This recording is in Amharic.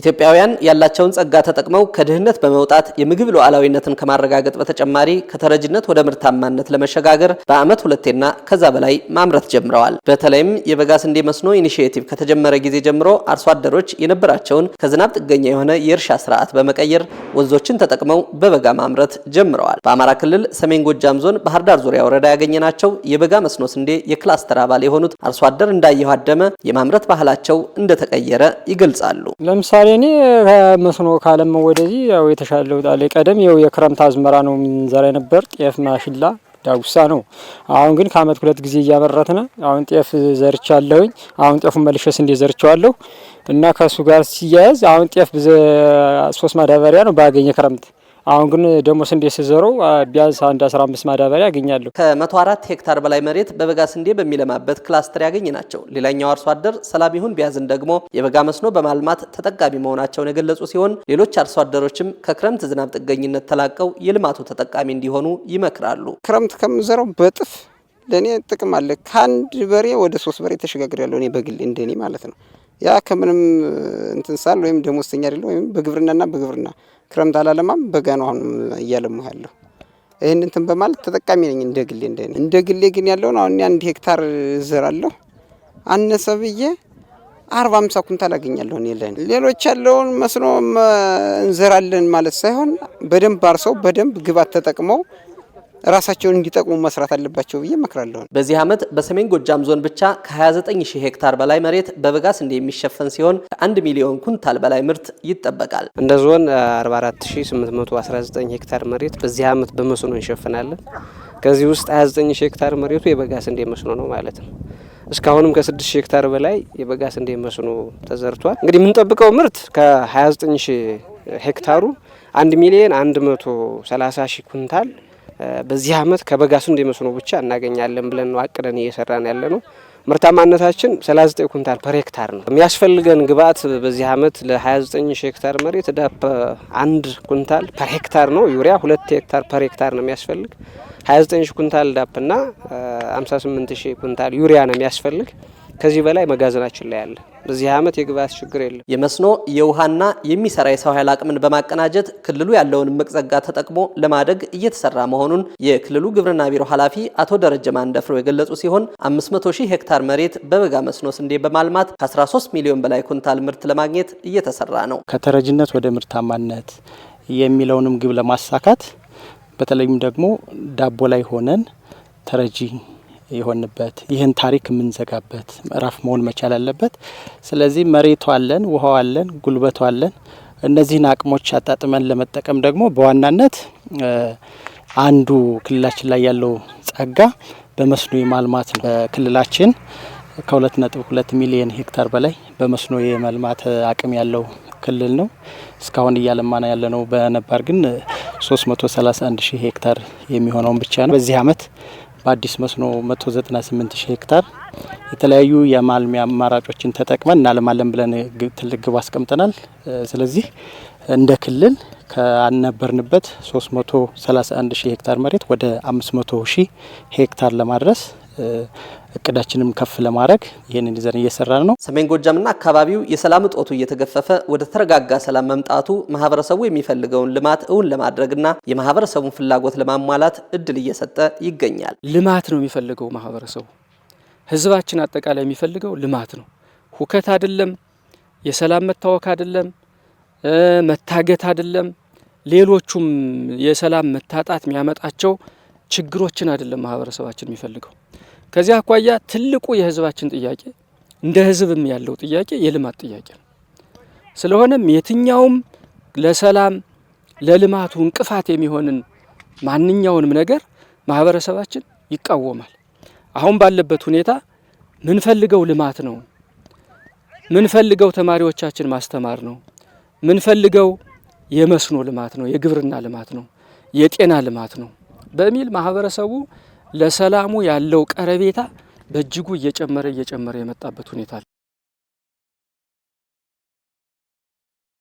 ኢትዮጵያውያን ያላቸውን ጸጋ ተጠቅመው ከድህነት በመውጣት የምግብ ሉዓላዊነትን ከማረጋገጥ በተጨማሪ ከተረጅነት ወደ ምርታማነት ለመሸጋገር በዓመት ሁለቴና ከዛ በላይ ማምረት ጀምረዋል። በተለይም የበጋ ስንዴ መስኖ ኢኒሽየቲቭ ከተጀመረ ጊዜ ጀምሮ አርሶ አደሮች የነበራቸውን ከዝናብ ጥገኛ የሆነ የእርሻ ስርዓት በመቀየር ወንዞችን ተጠቅመው በበጋ ማምረት ጀምረዋል። በአማራ ክልል ሰሜን ጎጃም ዞን ባህር ዳር ዙሪያ ወረዳ ያገኘናቸው የበጋ መስኖ ስንዴ የክላስተር አባል የሆኑት አርሶ አደር እንዳየኋደመ የማምረት ባህላቸው እንደተቀየረ ይገልጻሉ። ለምሳሌ እኔ ከመስኖ ካለም ወደዚህ ያው የተሻለ ለውጥ አለ። ቀደም ያው የክረምት አዝመራ ነው የምንዘራ የነበር ጤፍ፣ ማሽላ፣ ዳጉሳ ነው። አሁን ግን ከአመት ሁለት ጊዜ እያመረትን አሁን ጤፍ ዘርቻለሁኝ። አሁን ጤፉን መልሼ ስንዴ ዘርቸዋለሁ እና ከእሱ ጋር ሲያያዝ አሁን ጤፍ ሶስት ማዳበሪያ ነው ባገኘ ክረምት አሁን ግን ደግሞ ስንዴ ስዘረው ቢያንስ አንድ 15 ማዳበሪያ ያገኛለሁ። ከ104 ሄክታር በላይ መሬት በበጋ ስንዴ በሚለማበት ክላስተር ያገኝ ናቸው። ሌላኛው አርሶ አደር ሰላም ይሁን ቢያዝን ደግሞ የበጋ መስኖ በማልማት ተጠቃሚ መሆናቸውን የገለጹ ሲሆን ሌሎች አርሶ አደሮችም ከክረምት ዝናብ ጥገኝነት ተላቀው የልማቱ ተጠቃሚ እንዲሆኑ ይመክራሉ። ክረምት ከምዘረው በጥፍ ለእኔ ጥቅም አለ። ከአንድ በሬ ወደ ሶስት በሬ ተሸጋግሬያለሁ እኔ በግሌ እንደኔ ማለት ነው። ያ ከምንም እንትን ሳል ወይም ደሞዝተኛ አይደለም ወይም በግብርናና በግብርና ክረምት አላለማም በጋ ነው አሁን እያለማሁ ያለው ይህን እንትን በማለት ተጠቃሚ ነኝ እንደ ግሌ እንደ እንደ ግሌ ግን ያለውን አሁን አንድ ሄክታር ዘራለሁ አነሰ ብዬ አርባ አምሳ ኩንታል አገኛለሁ እኔ ለን ሌሎች ያለውን መስኖ እንዘራለን ማለት ሳይሆን በደንብ አርሰው በደንብ ግባት ተጠቅመው ራሳቸውን እንዲጠቅሙ መስራት አለባቸው ብዬ እመክራለሁ። በዚህ ዓመት በሰሜን ጎጃም ዞን ብቻ ከ29000 ሄክታር በላይ መሬት በበጋ ስንዴ የሚሸፈን ሲሆን ከ1 ሚሊዮን ኩንታል በላይ ምርት ይጠበቃል። እንደ ዞን 44819 ሄክታር መሬት በዚህ ዓመት በመስኖ እንሸፍናለን። ከዚህ ውስጥ 29 ሄክታር መሬቱ የበጋ ስንዴ መስኖ ነው ማለት ነው። እስካሁንም ከ6000 ሄክታር በላይ የበጋ ስንዴ መስኖ ተዘርቷል። እንግዲህ የምንጠብቀው ምርት ከ29000 ሄክታሩ 1 ሚሊዮን 130 ሺህ ኩንታል በዚህ ዓመት ከበጋ ስንዴ መስኖ ብቻ እናገኛለን ብለን ነው አቅደን እየሰራን ያለ ነው። ምርታማነታችን 39 ኩንታል ፐር ሄክታር ነው። የሚያስፈልገን ግብአት በዚህ ዓመት ለ29 ሄክታር መሬት ዳፕ አንድ ኩንታል ፐር ሄክታር ነው። ዩሪያ ሁለት ሄክታር ፐር ሄክታር ነው የሚያስፈልግ። 29 ኩንታል ዳፕ ዳፕና 58 ኩንታል ዩሪያ ነው የሚያስፈልግ። ከዚህ በላይ መጋዘናችን ላይ አለ። በዚህ ዓመት የግብአት ችግር የለም። የመስኖ የውሃና የሚሰራ የሰው ኃይል አቅምን በማቀናጀት ክልሉ ያለውን መቅዘጋ ተጠቅሞ ለማደግ እየተሰራ መሆኑን የክልሉ ግብርና ቢሮ ኃላፊ አቶ ደረጀ ማንደፍሮ የገለጹ ሲሆን 500 ሺህ ሄክታር መሬት በበጋ መስኖ ስንዴ በማልማት ከ13 ሚሊዮን በላይ ኩንታል ምርት ለማግኘት እየተሰራ ነው። ከተረጅነት ወደ ምርታማነት የሚለውንም ግብ ለማሳካት በተለይም ደግሞ ዳቦ ላይ ሆነን ተረጂ የሆንበት ይህን ታሪክ የምንዘጋበት ምዕራፍ መሆን መቻል አለበት። ስለዚህ መሬቱ አለን፣ ውሃው አለን፣ ጉልበቱ አለን። እነዚህን አቅሞች አጣጥመን ለመጠቀም ደግሞ በዋናነት አንዱ ክልላችን ላይ ያለው ጸጋ በመስኖ የማልማት ነው። ክልላችን ከሁለት ነጥብ ሚሊየን ሄክታር በላይ በመስኖ የመልማት አቅም ያለው ክልል ነው። እስካሁን እያለማና ያለ ነው። በነባር ግን 331 ሺህ ሄክታር የሚሆነውን ብቻ ነው በዚህ አመት በአዲስ መስኖ 198 ሺህ ሄክታር የተለያዩ የማልሚያ አማራጮችን ተጠቅመን እናለማለን ብለን ትልቅ ግብ አስቀምጠናል። ስለዚህ እንደ ክልል ከነበርንበት 331 ሺህ ሄክታር መሬት ወደ 500 ሺህ ሄክታር ለማድረስ እቅዳችንም ከፍ ለማድረግ ይህንን ይዘን እየሰራ ነው። ሰሜን ጎጃምና አካባቢው የሰላም እጦቱ እየተገፈፈ ወደ ተረጋጋ ሰላም መምጣቱ ማህበረሰቡ የሚፈልገውን ልማት እውን ለማድረግና የማህበረሰቡን ፍላጎት ለማሟላት እድል እየሰጠ ይገኛል። ልማት ነው የሚፈልገው ማህበረሰቡ፣ ህዝባችን አጠቃላይ የሚፈልገው ልማት ነው። ሁከት አይደለም፣ የሰላም መታወክ አይደለም፣ መታገት አይደለም፣ ሌሎቹም የሰላም መታጣት የሚያመጣቸው ችግሮችን አይደለም ማህበረሰባችን የሚፈልገው። ከዚህ አኳያ ትልቁ የህዝባችን ጥያቄ እንደ ህዝብም ያለው ጥያቄ የልማት ጥያቄ ነው። ስለሆነም የትኛውም ለሰላም ለልማቱ እንቅፋት የሚሆንን ማንኛውንም ነገር ማህበረሰባችን ይቃወማል። አሁን ባለበት ሁኔታ ምንፈልገው ልማት ነው፣ ምንፈልገው ተማሪዎቻችን ማስተማር ነው፣ ምንፈልገው የመስኖ ልማት ነው፣ የግብርና ልማት ነው፣ የጤና ልማት ነው። በሚል ማህበረሰቡ ለሰላሙ ያለው ቀረቤታ በእጅጉ እየጨመረ እየጨመረ የመጣበት ሁኔታ አለ።